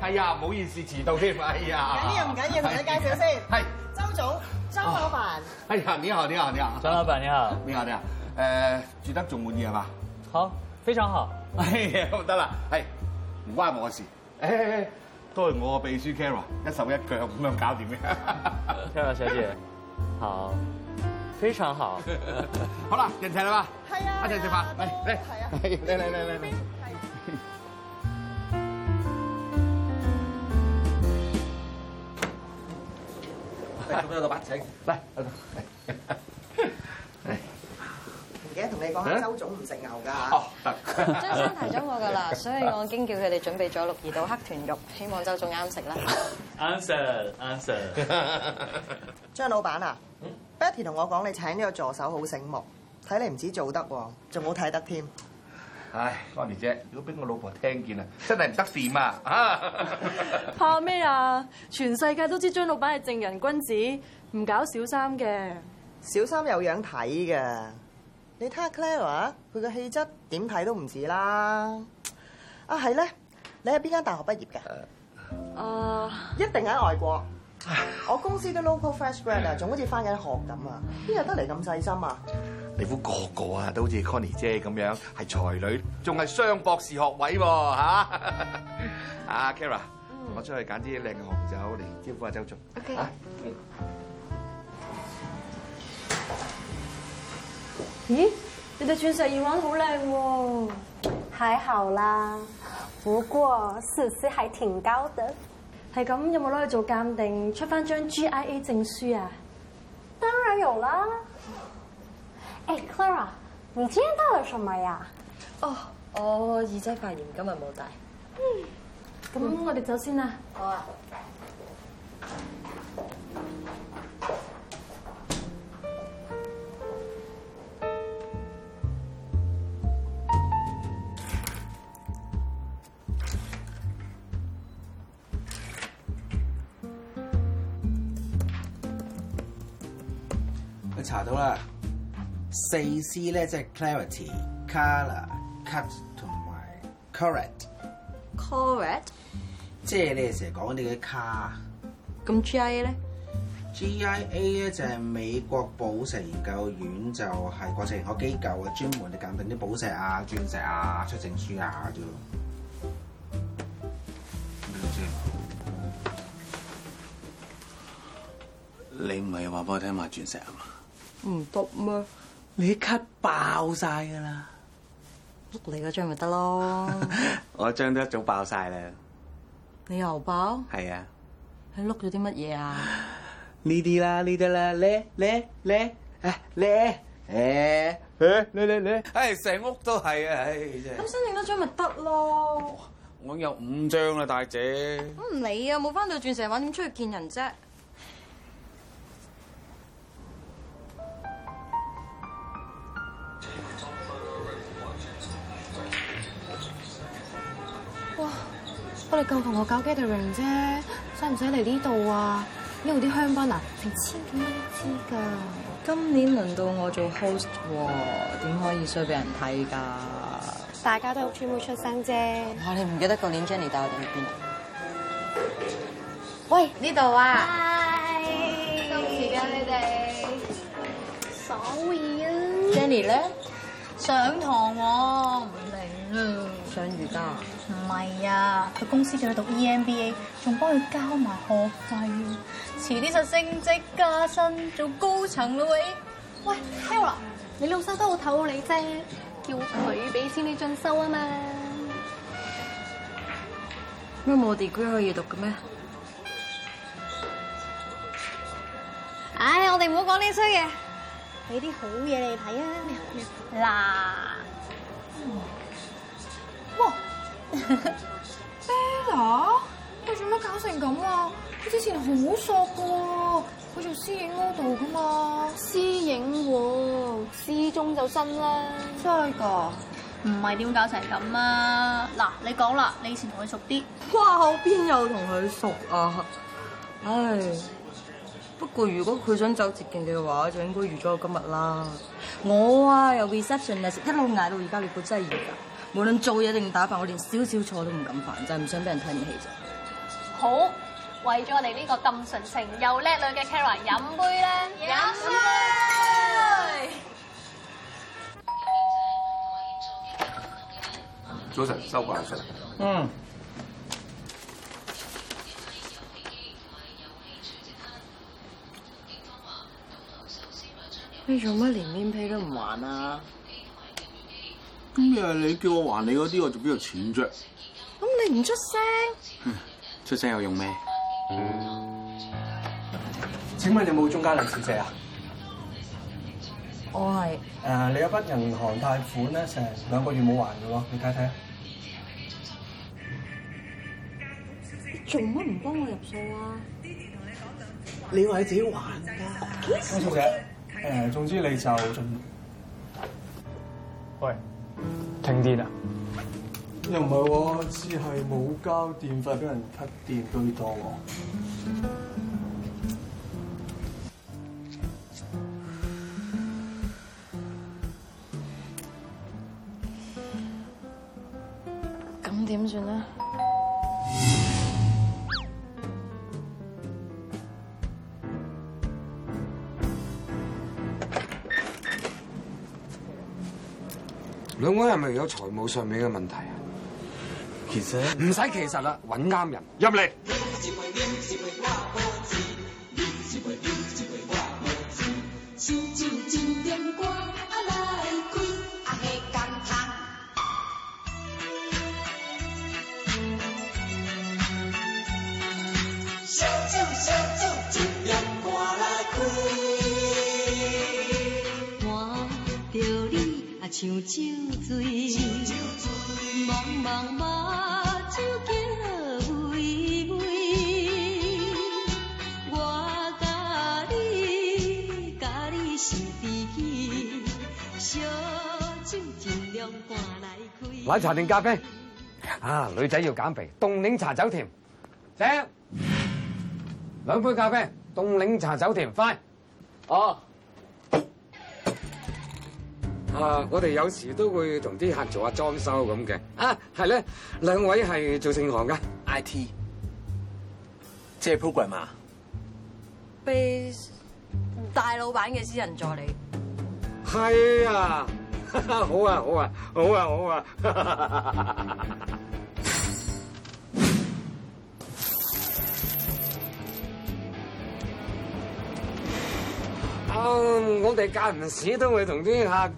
係啊，唔好意思遲到添，哎呀，緊要唔緊要，同是的 你介紹先，係是的 周總，周老闆。哎呀，你好，你好，你好，周老闆你好，你，好你好，你好，你好。誒，住得仲滿意係嗎？是吧。好，非常好。哎呀。哎得啦，係唔關我事。誒誒誒，都係我秘書 Clara 一手一腳咁樣搞掂嘅。Clara 小姐，好，非常好，好了。好啦，人齊喇嘛，一齊食飯，嚟嚟嚟嚟嚟。的咁又到八請，嚟唔記得同你講下周總唔食牛㗎。張生提咗我㗎啦，所以我已經叫佢哋準備咗六二度黑豚肉，希望周總啱食啦。啱食，啱食。張老闆啊，Betty 同我講你請呢個助手好醒目，睇你唔止做得喎，仲好睇得添。唉，安妮、哎、姐，如果俾我老婆聽見真不得啊，真係唔得掂嘛嚇！怕咩啊？全世界都知道張老闆係正人君子，唔搞小三嘅。小三有樣睇嘅，你睇下 Clara 啊，佢個氣質點睇都唔似啦。啊，係咧，你喺邊間大學畢業嘅？啊、uh，一定喺外國。我公司啲 local fresh grad 啊，仲好似翻緊學咁啊！邊日得嚟咁細心啊？你估個個啊都好似 Connie 姐咁樣係才女，仲係雙博士學位喎、啊、嚇！阿 Kara，我出去揀啲靚嘅紅酒嚟招呼阿周總好的 的。OK。咦，你對鑽石耳環好靚喎，還好啦，不過視師還挺高的。係咁，有冇攞去做鑑定出翻張 GIA 證書啊？當然有啦！誒、欸，Clara，你耳仔帶落嚟未呀？哦，oh, 我耳仔發炎，今日冇帶。嗯，咁我哋走先啦。好啊。四 C 咧 Correct?，即係 clarity、color、cut 同埋 correct。correct，即係你哋成日講你嘅卡。咁 GIA 咧？GIA 咧就係美國寶石研究院，就係國際性嘅機構啊，專門就鑑定啲寶石啊、鑽石啊出證書啊啲咯。你唔係話畀我聽話鑽石啊嘛？唔得咩？你啲卡都爆晒㗎啦，碌你嗰張咪得咯。我張都一早爆晒啦。你又爆？係啊。你碌咗啲乜嘢啊？呢啲啦，呢啲啦，咧咧咧，咧咧，誒，咧咧咧，唉，成屋都係啊，誒、哎。咁申請多張咪得咯。我有五張啦，大姐。哎、我唔理啊，冇翻到鑽石玩，點出去見人啫？你哋夠同學搞 gathering 啫，使唔使嚟呢度啊？呢度啲香檳嗱、啊，成千幾蚊一支㗎。今年輪到我做 host 喎，點可以衰俾人睇㗎？大家都好專門出身啫。我哋唔記得舊年 Jenny 帶我哋去邊啊？喂 Hi，這呢度啊！嗨！到時間你哋，sorry，Jenny 咧。上堂喎、啊，唔明啦！上瑜伽？唔係啊，佢公司叫佢讀 EMBA，仲幫佢交埋學費、啊。遲啲就升職加薪，做高層咯喂！嗯、喂 h e l l a 你老細都好討你啫，叫佢俾先你進修啊嘛、嗯。乜冇地 e 可以讀嘅咩？唉，我哋唔好講呢出嘢。俾啲好嘢你睇啊！嗱、嗯，哇 ，Bella，佢做乜搞成咁啊？佢之前好熟喎！佢做私影 model 噶嘛？私影喎、啊，私中就真啦。真噶？唔係點搞成咁啊？嗱、啊，你講啦，你以前同佢熟啲。哇，我邊有同佢熟啊？唉。不過，如果佢想走捷徑嘅話，就應該預咗今日啦。我啊，由 reception 啊一路捱到而家，你估真係易啊？無論做嘢定打扮，我連少少錯都唔敢犯，就係唔想俾人睇唔起咋。好，為咗我哋呢個咁純情又叻女嘅 Clara，飲杯啦！飲杯。早晨，收工啦，晨。嗯。你做乜連面皮都唔還啊？咁又你叫我還你嗰啲，我就邊有錢啫？咁你唔出聲？出聲又用咩？嗯、請問你沒有冇鍾嘉玲小姐啊？我係是誒，你有筆銀行貸款咧，成兩個月冇還噶咯，你睇睇啊！你做乜唔幫我入數啊？你講你話你自己還噶，小姐。誒，總之你就，喂，停電啊？又唔係喎，只係冇交電費，俾人 cut 電最多喎。係咪有財務上面嘅問題啊？其實唔使其實啦，揾啱人入嚟。 奶茶定咖啡啊，女仔要減肥，凍檸茶走甜，請兩杯咖啡，凍檸茶走甜，快哦。啊！Uh, 我哋有時都會同啲客做下裝修咁嘅啊，係、uh, 咧，兩位係做盛行嘅 IT，即係 program 啊，被大老闆嘅私人助理，係是啊， 好啊，好啊，好啊，好啊！啊 ，uh, 我哋間唔時都會同啲客。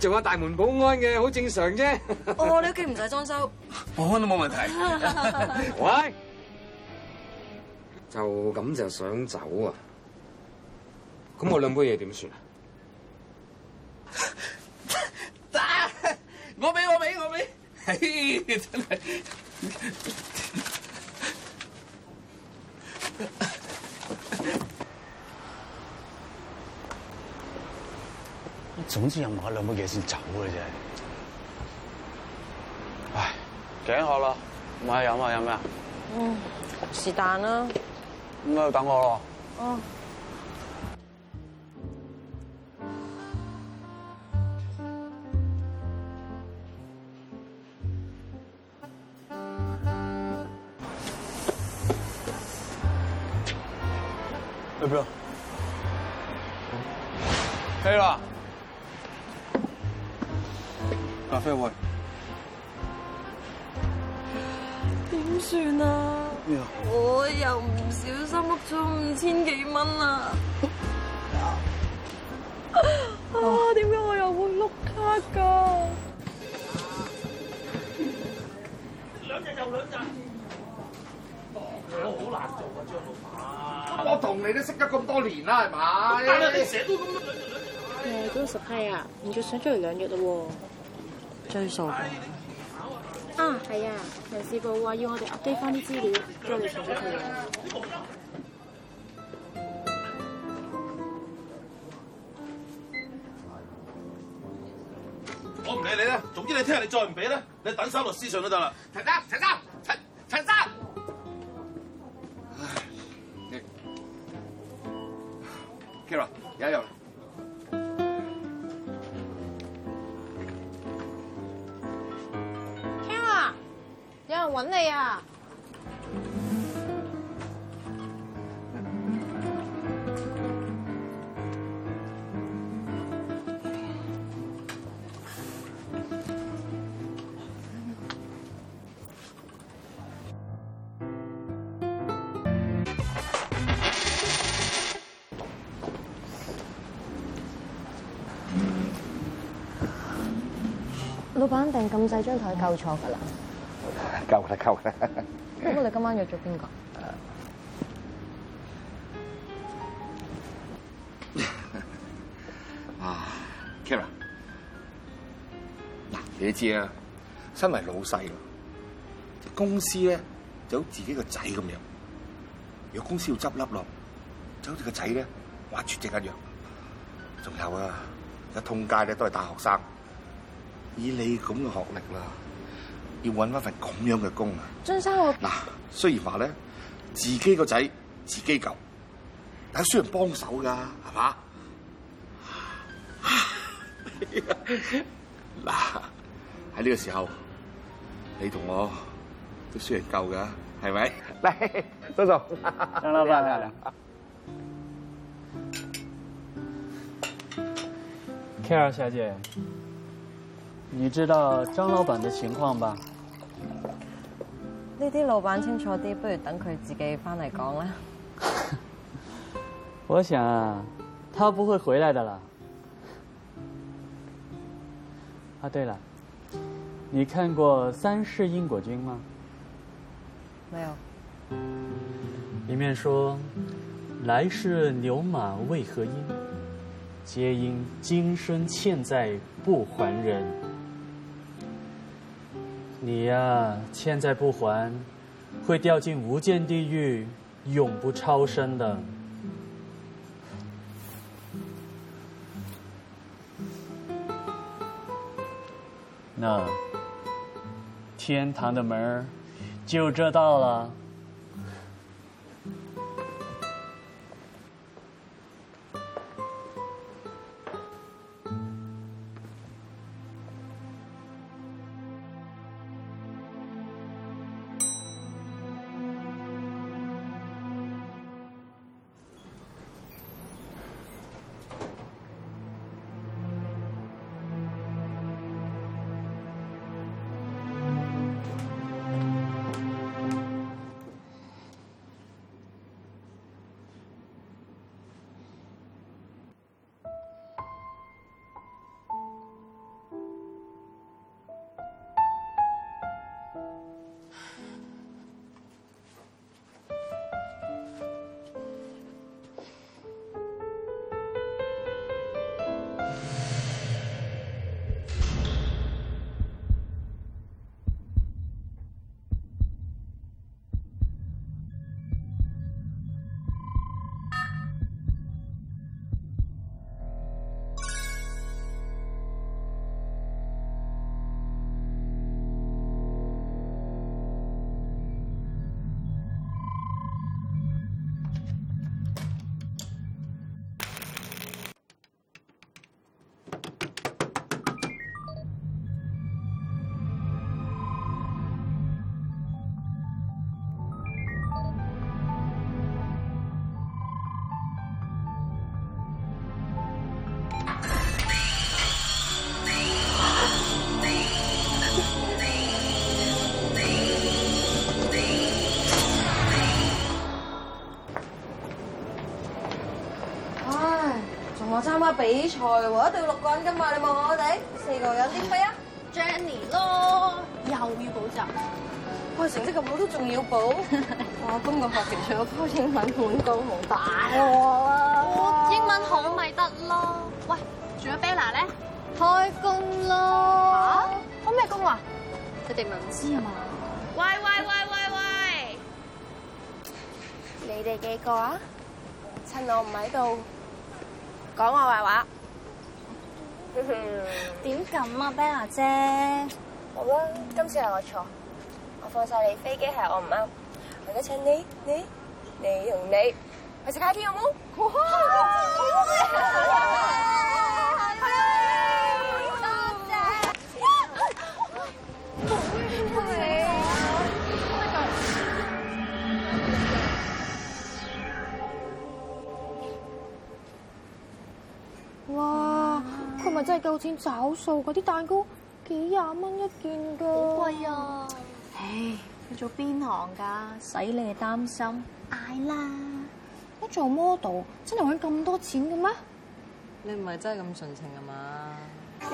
做下大門保安嘅，好正常啫。哦，你屋企唔使裝修，保安都冇問題。喂，就咁就想走啊？咁我兩杯嘢點算啊？打！我俾我俾我俾！嘿，真係。總之要買兩杯先走嘅啫。唉，頸渴咯，唔係飲啊飲咩啊？嗯，是但啦。咁啊等我咯，哦。嗯，誒，不要。可以啦。咖啡喂，點算啊？啊？我又唔小心碌咗五千幾蚊啊！啊，點解我又會碌卡噶？兩日又兩日，我、哦、好難做啊，張老闆。我同你都識咗咁多年啦，係咪？日都、嗯那個、十日啊，唔再想出嚟兩日嘞喎。追數啊，係啊，人事、哎啊啊、部話要我哋積翻啲資料，再嚟送俾佢。我唔理你啦，總之你聽日你再唔俾啦，你等收律師信都得啦。陳生，陳生，陳陳生，Clara 爺爺。揾你啊！老闆，定咁細張台夠坐㗎啦。夠喇，夠喇！咁我哋你今晚約咗邊個？啊，Clara，嗱，你知啊，Clara, 知啊身為老細，公司咧就好似自己個仔咁樣。若公司要執笠咯，就好似個仔咧挖出隻眼一樣。仲有啊，而家通街咧都係大學生，以你咁嘅學歷啦。要揾翻份咁樣嘅工，的工啊！張生我嗱，雖然話咧，自己個仔自己救，但係需要幫手噶，係嘛？嗱、啊、喺、啊、呢、啊、個時候，你同我都需要救噶，係咪？嚟，周總張老闆啊 Clara 小姐，嗯、你知道張老闆嘅情況吧？呢啲老闆清楚啲，不如等佢自己翻嚟講啦。我想，啊，他不會回來的啦。啊，對了，你看過《三世因果經》嗎？沒有。裏面說：“來世牛馬為何因？皆因今生欠債不還人。”你呀、啊，欠債不還，會掉進無間地獄，永不超生的。那天堂的門兒，就這道了。比賽喎，一定要六個人㗎嘛！你望我哋四個人點咩啊？Jenny 咯，又要補習。喂，成績咁好都仲要補？我今個學期想考英文滿級紅帶喎。英文好咪得咯。喂，仲有 Bella 咧？開工咯。嚇？開咩工啊？做定文書啊嘛？喂喂喂喂喂，你哋幾個啊？趁我唔喺度。講我壞話？點咁啊，Bea 姐？好啦，今次係我錯，我放晒你飛機，我唔啱，我家請你，你，你同你去卡，快食開啲好唔好？真係夠錢找數，嗰啲蛋糕幾廿蚊一件㗎。好貴啊！唉，你做邊行㗎？使你擔心？嗌啦！我做 model，真係搵咁多錢嘅咩？你唔係真係咁純情啊嘛？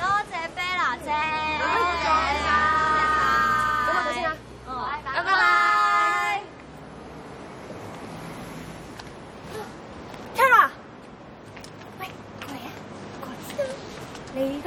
多謝 Bella 姐。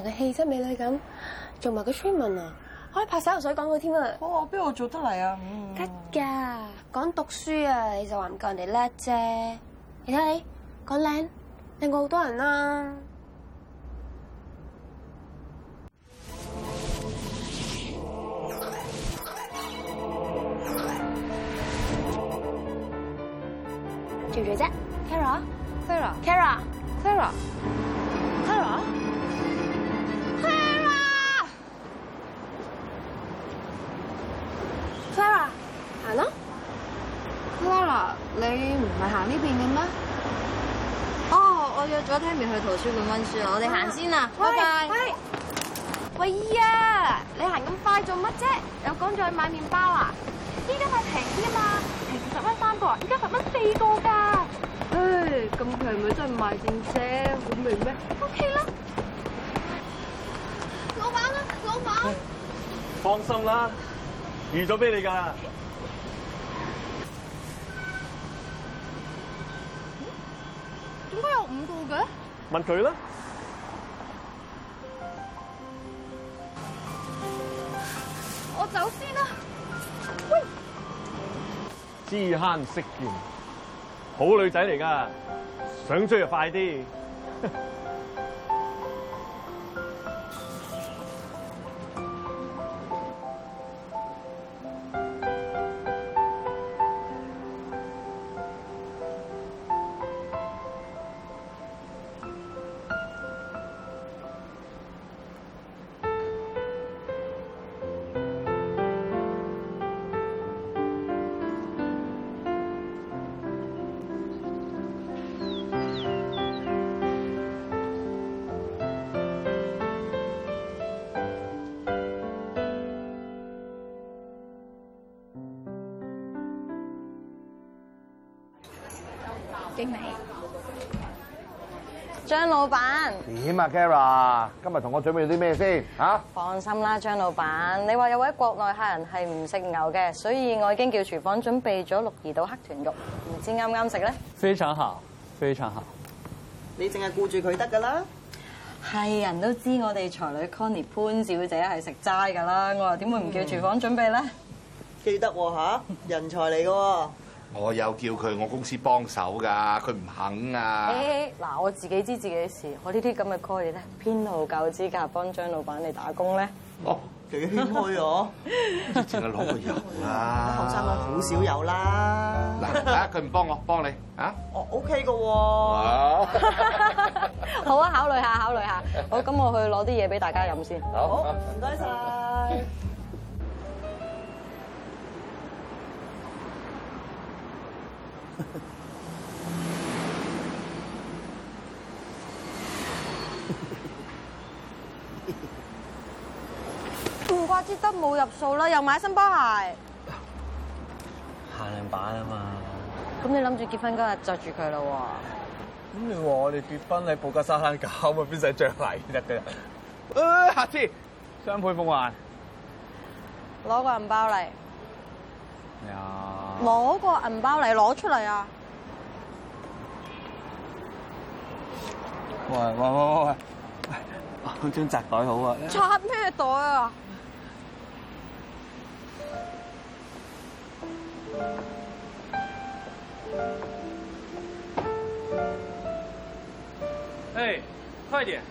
成個氣質美女咁，做埋個宣傳啊，可以拍洗頭水廣告添啊！哦，邊度做得嚟啊？得㗎、嗯，講讀書啊，你就話唔、啊、夠人哋叻啫。你睇你講靚，靚過好多人啦、啊。做唔做啫 Clara，Clara，Clara，Clara .係咯，Clara，你唔係行呢邊嘅咩？哦，我約咗 Timmy 去圖書館溫書，我哋行先啦，拜拜。喂，喂呀，你行咁快做乜啫？又趕住去買麵包啊？依家快平啲啊嘛，平時十蚊三個，而家十蚊四個噶。唉，咁佢係咪真係賣正車？好味咩？O K 啦，老闆啊，老闆，放心啦，預咗俾你噶。應該有五個嘅，問佢啦。我走先啦。知慳識儉，好女仔嚟㗎，想追就快啲。 經張老闆，點啊，Clara，今日同我準備啲咩先？吓、啊，放心啦，張老闆，你話有位國內客人係唔食牛嘅，所以我已經叫廚房準備咗鹿兒島黑豚肉，唔知啱唔啱食咧。非常好，非常好，你淨係顧住佢得噶啦。係人都知我哋才女 Connie 潘小姐係食齋噶啦，我又點會唔叫廚房準備咧、嗯？記得吓、啊，人才嚟噶。我有叫佢我公司幫手噶，佢唔肯啊！嗱，我自己知自己嘅事，我呢啲咁嘅概念咧，邊度夠資格幫張老闆你打工咧？哦，幾謙虛哦！淨係攞個油啦，後生嘅好少有啦！嗱，睇下佢唔幫我幫你啊？哦，OK 嘅喎。好啊，考慮下考慮下。好，咁我去攞啲嘢俾大家飲先。好，唔該晒！謝謝。唔怪之得冇入數啦，又買新波鞋，限量版啊嘛。咁你諗住結婚嗰日着住佢咯喎。咁你話我哋結婚吉，你布吉沙灘搞啊，邊使着鞋得嘅？下次雙倍奉還攞個銀包嚟。呀。Yeah. 攞個銀包嚟，攞出嚟啊！喂喂喂喂喂，喂，攞張扎袋好啊！插咩袋啊？哎，hey, 快點！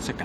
識噶？